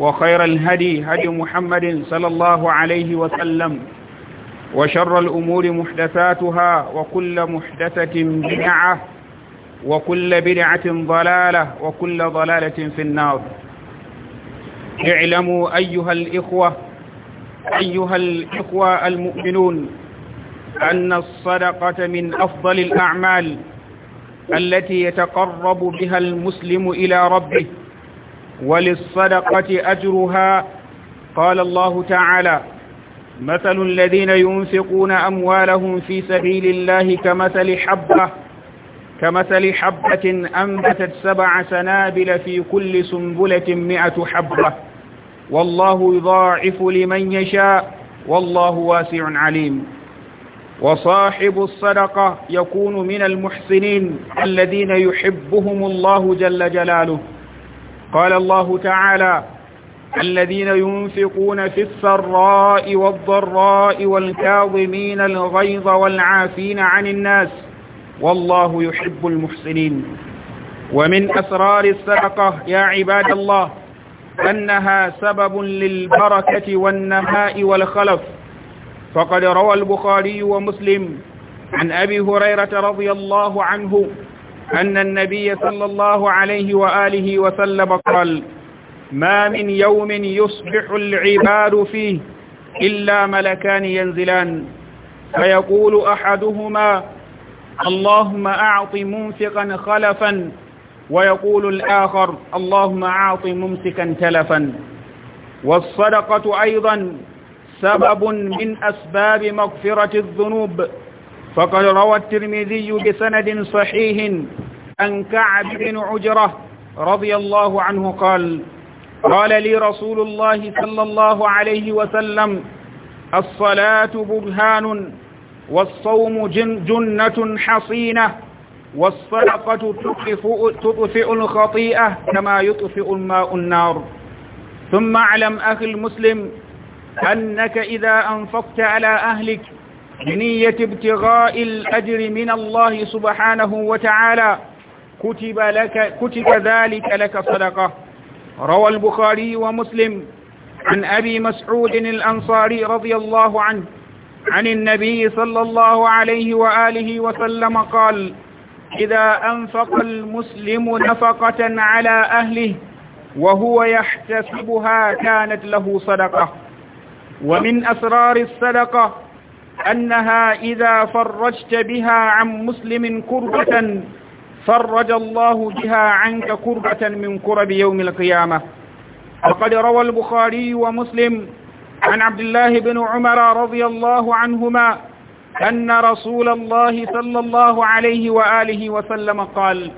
وخير الهدي هدي محمد صلى الله عليه وسلم وشر الأمور محدثاتها وكل محدثة بدعة وكل بدعة ضلالة وكل ضلالة في النار اعلموا أيها الإخوة أيها الإخوة المؤمنون أن الصدقة من أفضل الأعمال التي يتقرب بها المسلم إلى ربه وللصدقة أجرها قال الله تعالى مثل الذين ينفقون أموالهم في سبيل الله كمثل حبة كمثل حبة أنبتت سبع سنابل في كل سنبلة مئة حبة والله يضاعف لمن يشاء والله واسع عليم وصاحب الصدقة يكون من المحسنين الذين يحبهم الله جل جلاله قال الله تعالى الذين ينفقون في السراء والضراء والكاظمين الغيظ والعافين عن الناس والله يحب المحسنين ومن أسرار الصدقة يا عباد الله أنها سبب للبركة والنماء والخلف فقد روى البخاري ومسلم عن أبي هريرة رضي الله عنه أن النبي صلى الله عليه وآله وسلم قال ما من يوم يصبح العباد فيه إلا ملكان ينزلان فيقول أحدهما اللهم أعط منفقا خلفا ويقول الآخر اللهم أعط ممسكا تلفا والصدقة أيضا سبب من أسباب مغفرة الذنوب فقد روى الترمذي بسند صحيح عن كعب بن عجرة رضي الله عنه قال قال لي رسول الله صلى الله عليه وسلم الصلاة برهان والصوم جن جنة حصينة والصدقة تطفئ الخطيئة كما يطفئ الماء النار ثم اعلم أخي المسلم أنك إذا أنفقت على أهلك بنية ابتغاء الأجر من الله سبحانه وتعالى كتب, لك كتب ذلك لك صدقة روى البخاري ومسلم عن أبي مسعود الأنصاري رضي الله عنه عن النبي صلى الله عليه وآله وسلم قال إذا أنفق المسلم نفقة على أهله وهو يحتسبها كانت له صدقة ومن أسرار الصدقة أنها إذا فرجت بها عن مسلم كربة فرج الله بها عنك كربة من كرب يوم القيامة وقد روى البخاري ومسلم عن عبد الله بن عمر رضي الله عنهما أن رسول الله صلى الله عليه وآله وسلم قال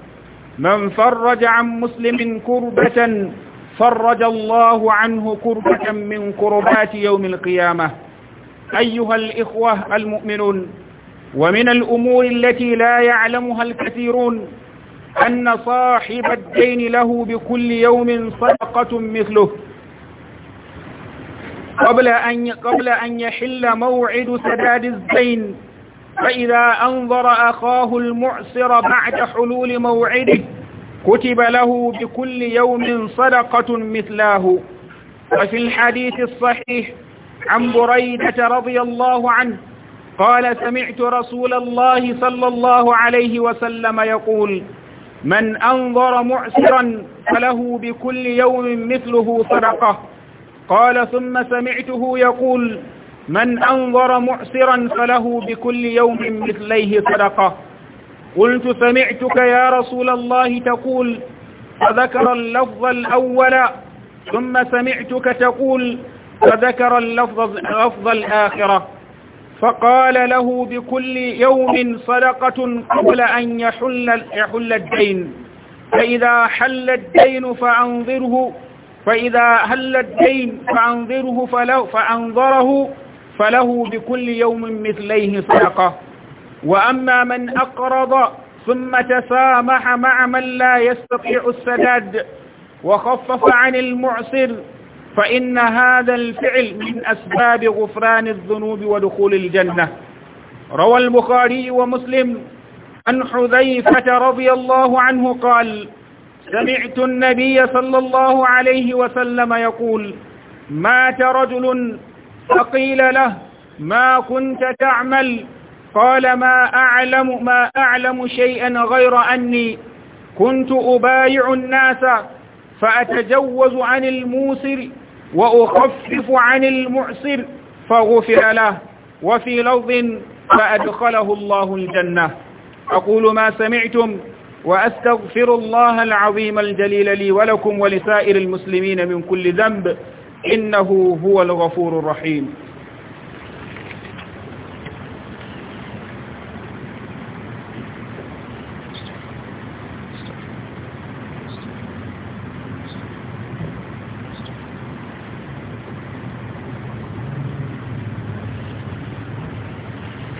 من فرج عن مسلم كربة فرج الله عنه كربة من كربات يوم القيامة أيها الإخوة المؤمنون ومن الأمور التي لا يعلمها الكثيرون أن صاحب الدين له بكل يوم صدقة مثله قبل أن, قبل أن يحل موعد سداد الدين فإذا أنظر أخاه المعسر بعد حلول موعده كتب له بكل يوم صدقة مثلاه وفي الحديث الصحيح عن بريدة رضي الله عنه قال سمعت رسول الله صلى الله عليه وسلم يقول من أنظر معسرا فله بكل يوم مثله صدقة قال ثم سمعته يقول من أنظر معسرا فله بكل يوم مثليه صدقة قلت سمعتك يا رسول الله تقول فذكر اللفظ الأول ثم سمعتك تقول فذكر اللفظ لفظ الآخرة فقال له بكل يوم صدقة قبل أن يحل, يحل الدين فإذا حل الدين فأنظره فإذا حل الدين فأنظره فله فأنظره فله بكل يوم مثليه صدقة وأما من أقرض ثم تسامح مع من لا يستطيع السداد وخفف عن المعسر فإن هذا الفعل من أسباب غفران الذنوب ودخول الجنة روى البخاري ومسلم عن حذيفة رضي الله عنه قال سمعت النبي صلى الله عليه وسلم يقول مات رجل فقيل له ما كنت تعمل قال ما أعلم ما أعلم شيئا غير أني كنت أبايع الناس فأتجوز عن الموسر وأخفف عن المعسر فغفر له وفي لفظ فأدخله الله الجنة أقول ما سمعتم وأستغفر الله العظيم الجليل لي ولكم ولسائر المسلمين من كل ذنب إنه هو الغفور الرحيم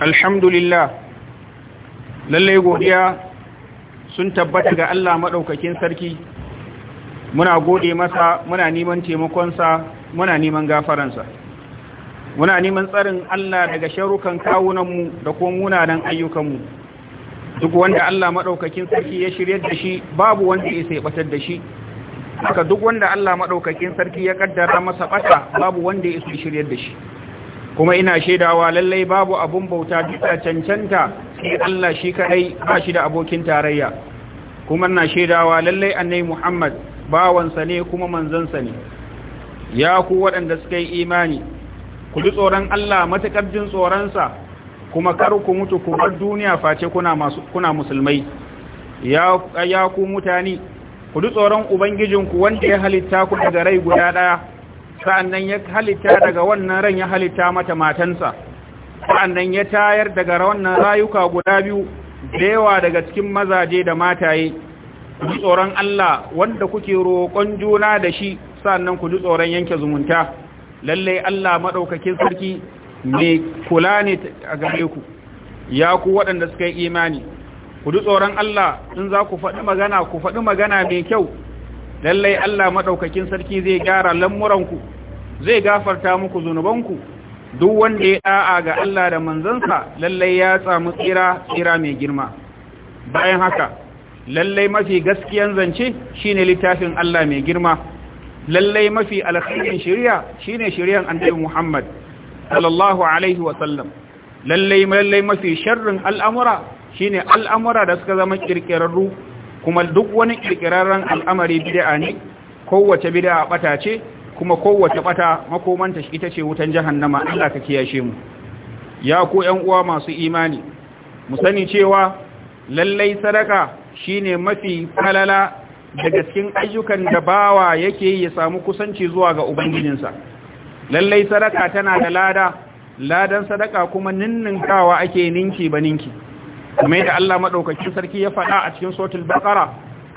alhamdulillah lallai godiya sun tabbata ga Allah maɗaukakin sarki muna gode masa muna neman taimakonsa muna neman gafaransa muna neman tsarin Allah daga sharukan kawunanmu da kuma munanan ayyukanmu duk wanda Allah maɗaukakin sarki ya shirya da shi babu wanda ya sai da shi haka duk wanda Allah maɗaukakin sarki ya ƙaddara masa ɓata, babu wanda ya shiryar da shi kuma ina shaidawa lallai babu abun bauta duka cancanta sai Allah shi kadai ba shi da abokin tarayya kuma ina shaidawa lallai annai Muhammad bawansa ne kuma manzansa ne ya ku waɗanda suka yi imani ku ji tsoron Allah matakar jin tsoronsa kuma kar ku mutu ku bar duniya face kuna masu kuna musulmai ya ya ku mutane ku ji tsoron ubangijinku wanda ya halitta ku daga rai guda daya sa'annan ya halitta daga wannan ran ya halitta mata matansa nan ya tayar daga wannan rayuka guda biyu da yawa daga cikin mazaje da mataye ku ji tsoron Allah wanda kuke roƙon juna da shi nan ku ji tsoron yanke zumunta lallai Allah maɗaukakin sarki mai kula ne a gare ku ya ku waɗanda suka yi imani ku ji tsoron Allah in za ku faɗi magana ku faɗi magana mai kyau lallai Allah maɗaukakin sarki zai gyara lamuranku zai gafarta muku zunubanku duk wanda ya da'a ga Allah da manzansa lallai ya samu tsira tsira mai girma bayan haka lallai mafi gaskiyan zance shine littafin Allah mai girma lallai mafi alkhairin shari'a shine shari'an annabi Muhammad sallallahu alaihi wa sallam lallai lallai mafi sharrin al'amura shine al'amura da suka zama kirkirarru kuma duk wani kirkirarren al'amari bid'a ne kowace bid'a bata ce kuma kowace bata makomanta ita ce wutan jahannama Allah ka kiyashe mu ya ku ƴan uwa masu imani mu sani cewa lallai sadaka shine mafi falala daga cikin ayyukan da bawa yake ya samu kusanci zuwa ga ubangijinsa lallai sadaka tana da lada ladan sadaka kuma ninninkawa ake ninki ba ninki kuma yadda Allah madaukakin sarki ya faɗa a cikin suratul baqara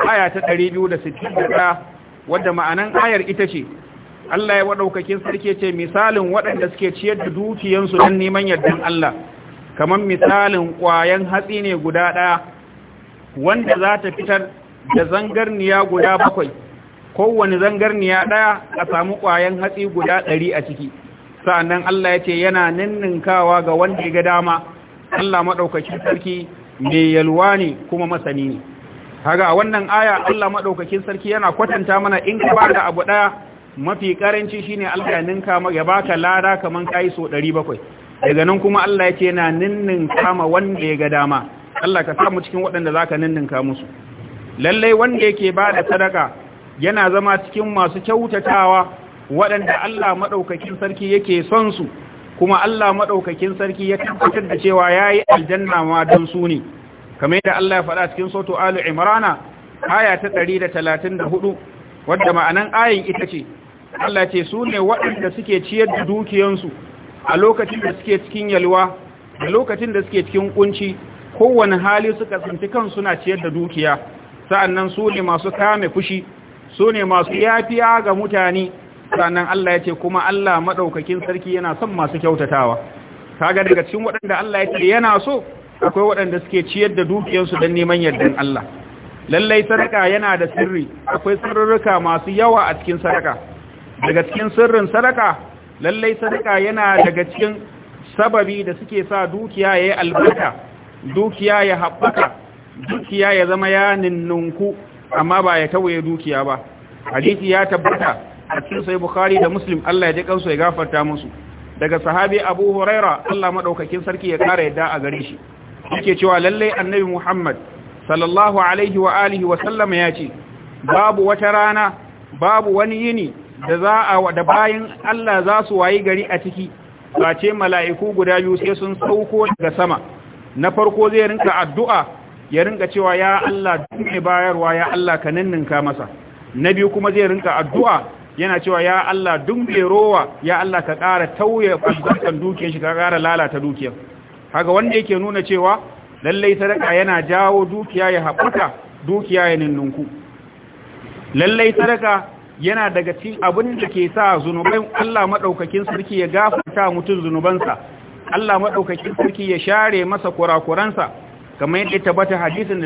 aya ta 261 wadda ma'anan ayar ita ce Allah ya waɗaukakin sarki ce misalin waɗanda suke ciyar da dukiyansu don neman yardan Allah kamar misalin ƙwayan hatsi ne guda ɗaya wanda za ta fitar da zangarniya guda bakwai kowane zangarniya ɗaya a samu ƙwayan hatsi guda ɗari a ciki sa'annan Allah ya ce yana ninninkawa ga wanda ga dama Allah maɗaukakin sarki mai yalwa ne kuma masani ne Haga wannan aya Allah maɗaukakin sarki yana kwatanta mana in ka ba da abu ɗaya mafi karanci shine Allah ya ninka ya baka lada kaman kai so 700 daga nan kuma Allah yake na ninnin kama wanda ya ga dama Allah ka samu cikin waɗanda zaka ninninka musu Lallai wanda yake ba da sadaka yana zama cikin masu kyautatawa waɗanda Allah madaukakin sarki yake son su kuma Allah madaukakin sarki ya tabbatar da cewa yayi aljanna ma don su ne kamar yadda Allah ya faɗa cikin Soto Ali Imran aya ta 134 wadda ma'anan ayin ita ce Allah ce su ne waɗanda suke ciyar da dukiyansu a lokacin da suke cikin yalwa a lokacin da suke cikin kunci kowane hali suka tsinci kan suna ciyar da dukiya sa'annan su ne masu kame fushi su ne masu yafiya ga mutane sannan Allah ya ce kuma Allah maɗaukakin sarki yana son masu kyautatawa kaga daga cikin waɗanda Allah ya ce yana so akwai waɗanda suke ciyar da dukiyansu don neman yardan Allah lallai sadaka yana da sirri akwai sirrika masu yawa a cikin sadaka daga cikin sirrin sadaka lallai sadaka yana daga cikin sababi da suke sa dukiya ya yi albarka dukiya ya haɓaka dukiya ya zama ya ninnunku amma ba ya tawaye dukiya ba hadisi ya tabbata a cikin sai bukhari da muslim Allah ya ji kansu ya gafarta musu daga sahabi abu huraira Allah madaukakin sarki ya kara yadda a gare shi yake cewa lallai annabi muhammad sallallahu alaihi wa alihi wa sallam ya ce babu wata rana babu wani yini da za a da bayan Allah za su wayi gari a ciki ce mala'iku guda biyu sai sun sauko daga sama na farko zai rinka addu'a ya rinka cewa ya Allah mai bayarwa ya Allah ka ninninka masa na biyu kuma zai rinka addu'a yana cewa ya Allah dumbe rowa ya Allah ka ƙara tauye ƙasar dukiyar shi ka ƙara lalata dukiyar haka wanda yake nuna cewa lallai sadaka yana jawo dukiya ya haɓuka dukiya ya ninnunku lallai sadaka yana daga cikin abin da ke sa zunuban Allah madaukakin sarki ya gafarta mutum zunubansa Allah madaukakin sarki ya share masa kurakuransa kamar yadda tabbata hadisin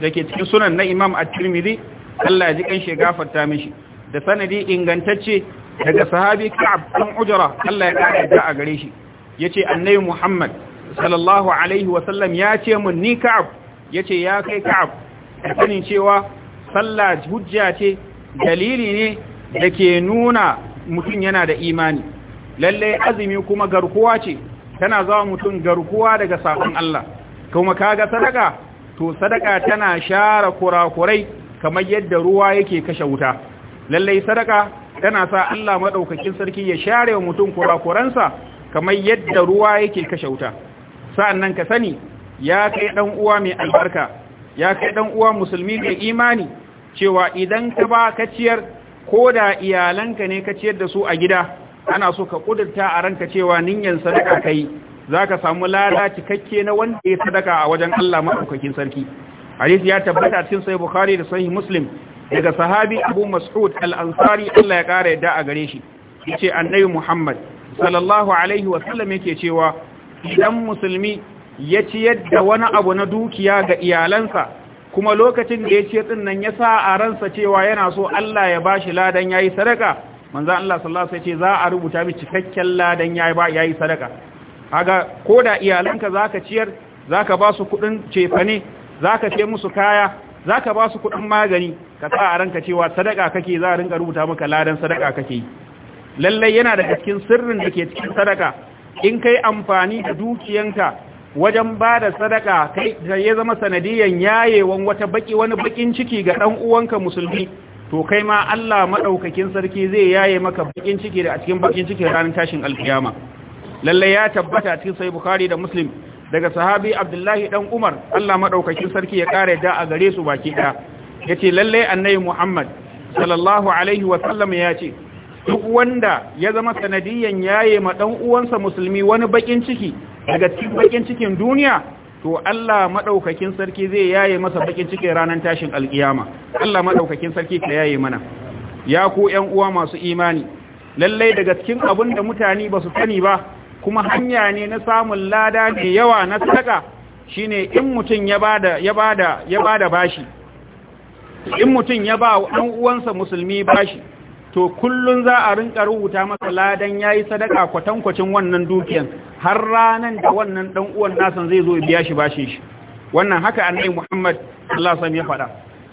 da ke cikin sunan na Imam At-Tirmidhi Allah ya ji kanshi gafarta mishi da sanadi ingantacce daga sahabi Ka'ab bin Ujra Allah ya kare a gare shi yace annabi Muhammad sallallahu alaihi wa sallam ya ce mun ni Ka'ab yace ya kai Ka'ab sanin cewa sallah hujja ce dalili ne da ke nuna mutum yana da imani lalle azumi kuma garkuwa ce tana zama mutum garkuwa daga sakon Allah kuma kaga sadaka to sadaka tana share kurakurai kamar yadda ruwa yake kashe wuta lalle sadaka tana sa Allah madaukakin sarki ya share mutum kurakuransa kamar yadda ruwa yake kashe wuta sa'annan ka sani ya kai dan uwa mai albarka ya kai dan uwa musulmi mai imani cewa idan ka ba ka ciyar ko da iyalanka ne ka ciyar da su a gida ana so ka kudurta a ranka cewa niyyar sadaka kai ka samu lada cikakke na wanda ya sadaka a wajen Allah maɗaukakin sarki hadisi ya tabbata cikin sai bukhari da sahih muslim daga sahabi abu mas'ud al-ansari Allah ya kara yadda a gare shi yace annabi muhammad sallallahu alaihi wa sallam yake cewa idan musulmi ya ciyar da wani abu na dukiya ga iyalansa kuma lokacin da ya ce ɗinnan ya sa a ransa cewa yana so Allah ya ba shi ladan ya yi sadaka manzan Allah sallallahu alaihi ce za a rubuta mi cikakken ladan ya yi sadaka. sadaka ko da iyalanka ka ciyar za ka ba su kudin cefane za ka ce musu kaya za ka ba su kudin magani ka sa a ranka cewa sadaka kake za a rinka rubuta maka ladan sadaka kake Lallai yana da cikin sirrin da ke cikin sadaka in kai amfani da dukiyanka wajen ba da sadaka kai da ya zama sanadiyan yayewan wata baki wani bakin ciki ga dan uwanka musulmi to kai ma Allah madaukakin sarki zai yaye maka bakin ciki da a cikin bakin ciki ranar tashin alkiyama lalle ya tabbata a cikin sahih bukhari da muslim daga sahabi abdullahi dan umar Allah madaukakin sarki ya kare da a gare su baki ɗaya. yace lalle annabi muhammad sallallahu alaihi wa sallam ya ce duk wanda ya zama sanadiyan yaye ma dan uwansa musulmi wani bakin ciki daga cikin bakin cikin duniya to Allah madaukakin sarki zai yaye masa bakin cikin ranar tashin alkiyama Allah madaukakin sarki ka yaye mana ya ku ƴan uwa masu imani lalle daga cikin abun da mutane ba su sani ba kuma hanya ne na samun lada ne yawa na sadaka shine in mutun ya bada ya bada ya bada bashi in mutun ya ba ɗan uwansa musulmi bashi to kullun za a rinka rubuta masa ladan ya yi sadaka kwatankwacin wannan dukiyan har ranar da wannan dan uwan nasan zai zo biya shi bashin shi wannan haka annabi Muhammad sallallahu ya faɗa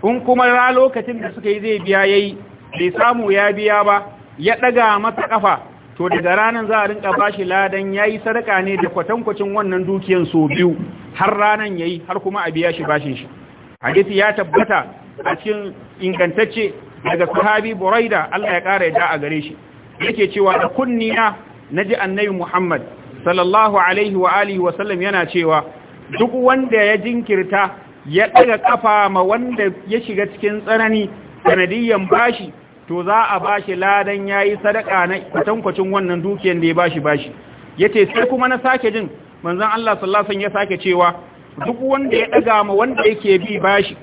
in kuma ra lokacin da suka yi zai biya yayi bai samu ya biya ba ya ɗaga masa kafa to daga ranar za a rinka bashi ladan ya yi sadaka ne da kwatankwacin wannan dukiyan so biyu har ya yayi har kuma a biya shi bashin shi hadisi ya tabbata a cikin ingantacce daga sahabi buraida Allah ya kara da a gare shi yake cewa da kunniya naji annabi Muhammad sallallahu alaihi wa alihi wa sallam yana cewa duk wanda ya jinkirta ya daga kafa ma wanda ya shiga cikin tsanani sanadiyan bashi to za a bashi ladan yayi sadaka na kwatankwacin wannan dukiyar da ya bashi bashi yace sai kuma na sake jin manzon Allah sallallahu alaihi ya sake cewa duk wanda ya daga ma wanda yake bi bashi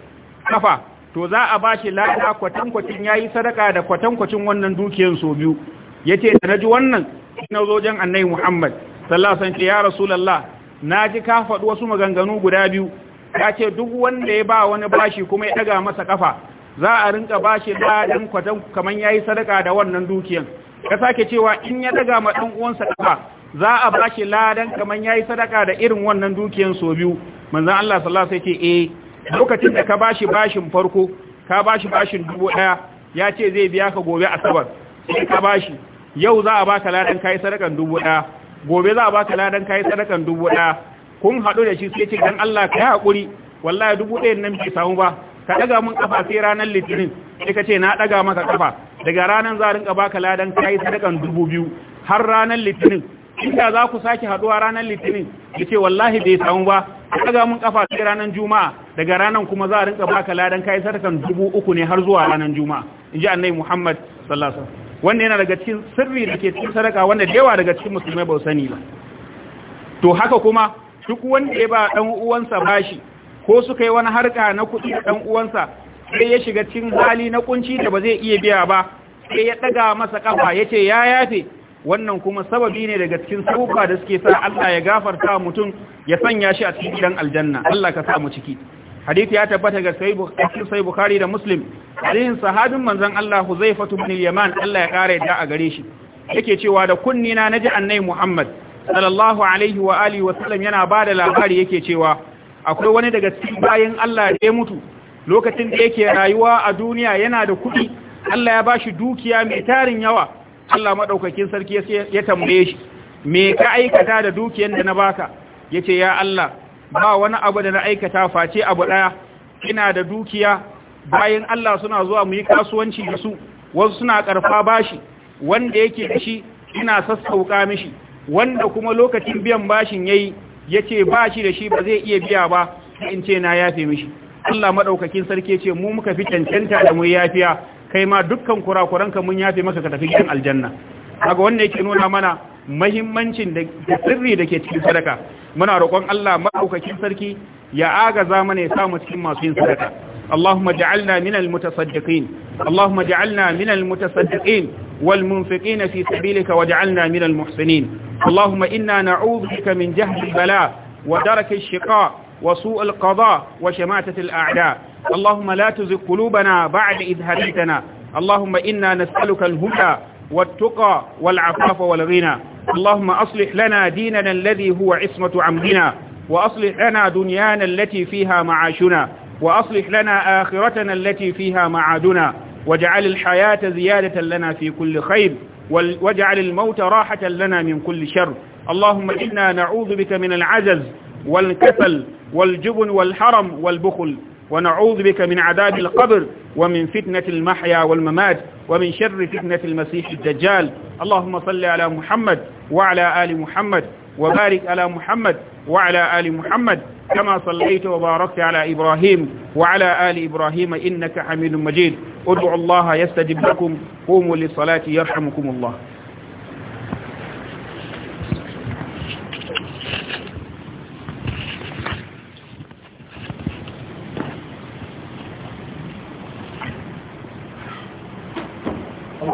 kafa to za a ba shi lada kwatankwacin ya yi sadaka da kwatankwacin wannan dukiyan so biyu ya ce da na ji wannan na zojen annai muhammad sallasan ce ya rasulallah na ji ka faɗi wasu maganganu guda biyu ya ce duk wanda ya ba wani bashi kuma ya ɗaga masa kafa za a rinka bashi ladan kwatan kamar ya yi sadaka da wannan dukiyar ka sake cewa in ya ɗaga ma ɗan uwansa kafa za a bashi ladan kamar ya yi sadaka da irin wannan dukiyan so biyu manzan allah sallallahu ya ce eh lokacin da ka ba shi bashin farko ka bashi bashin dubu ɗaya ya ce zai biya ka gobe asabar sai ka bashi yau za a baka ladan kai sadakan dubu ɗaya gobe za a baka ladan kai sadakan dubu ɗaya kun haɗu da shi sai ce dan Allah ka yi haƙuri wallahi dubu ɗayan nan bai samu ba ka ɗaga mun kafa sai ranar litinin sai ka ce na ɗaga maka kafa daga ranar za a rinka baka ladan kai sadakan dubu biyu har ranar litinin inda za ku sake haduwa ranar litinin da ce wallahi bai samu ba ga mun kafa sai ranar juma'a daga ranar kuma za a rinka baka ladan kai sarkan dubu uku ne har zuwa ranar juma'a in ji annai muhammad sallallahu wanda yana daga cikin sirri da ke cikin sadaka wanda da yawa daga cikin musulmai ba sani ba to haka kuma duk wanda ya ba dan uwansa bashi ko suka yi wani harka na kuɗi da dan uwansa sai ya shiga cikin hali na kunci da ba zai iya biya ba sai ya ɗaga masa kafa ce ya yafe wannan kuma sababi ne daga cikin sabuka da suke sa Allah ya gafarta mutum ya sanya shi a cikin gidan aljanna Allah ka sa mu ciki hadisi ya tabbata ga sai bukhari da muslim hadisin sahabin manzon Allah huzaifatu ibn yaman Allah ya kare da a gare shi yake cewa da kunnina na naji annai muhammad sallallahu alaihi wa alihi wa sallam yana bada labari yake cewa akwai wani daga cikin bayin Allah da ya mutu lokacin da yake rayuwa a duniya yana da kuɗi Allah ya bashi dukiya mai tarin yawa Allah madaukakin sarki ya tambaye shi me ka aikata da dukiyar da na baka yace ya Allah ba wani abu da na aikata face abu ɗaya ina da dukiya bayan Allah suna zuwa mu yi kasuwanci da su wasu suna karfa bashi wanda yake da shi ina sassauka mishi wanda kuma lokacin biyan bashin yayi yace bashi da shi ba zai iya biya ba in ce na yafe mishi Allah madaukakin sarki ce mu muka fi cancanta da mu yafiya kai ma dukkan kurakuranka mun yafe maka ka tafi gidan aljanna kaga wanda yake nuna mana mahimmancin da sirri da ke cikin sadaka muna roƙon Allah madaukakin sarki ya agaza mana ya samu cikin masu yin sadaka اللهم اجعلنا من المتصدقين اللهم اجعلنا من المتصدقين والمنفقين في سبيلك واجعلنا من المحسنين اللهم إنا نعوذ بك من Bala البلاء ودرك الشقاء وسوء القضاء وشماتة الأعداء اللهم لا تزغ قلوبنا بعد إذ هديتنا اللهم إنا نسألك الهدى والتقى والعفاف والغنى اللهم أصلح لنا ديننا الذي هو عصمة عمدنا وأصلح لنا دنيانا التي فيها معاشنا وأصلح لنا آخرتنا التي فيها معادنا واجعل الحياة زيادة لنا في كل خير واجعل الموت راحة لنا من كل شر اللهم إنا نعوذ بك من العجز والكسل والجبن والحرم والبخل ونعوذ بك من عذاب القبر ومن فتنة المحيا والممات ومن شر فتنة المسيح الدجال اللهم صل على محمد وعلى آل محمد وبارك على محمد وعلى آل محمد كما صليت وباركت على إبراهيم وعلى آل إبراهيم إنك حميد مجيد ادعوا الله يستجب لكم قوموا للصلاة يرحمكم الله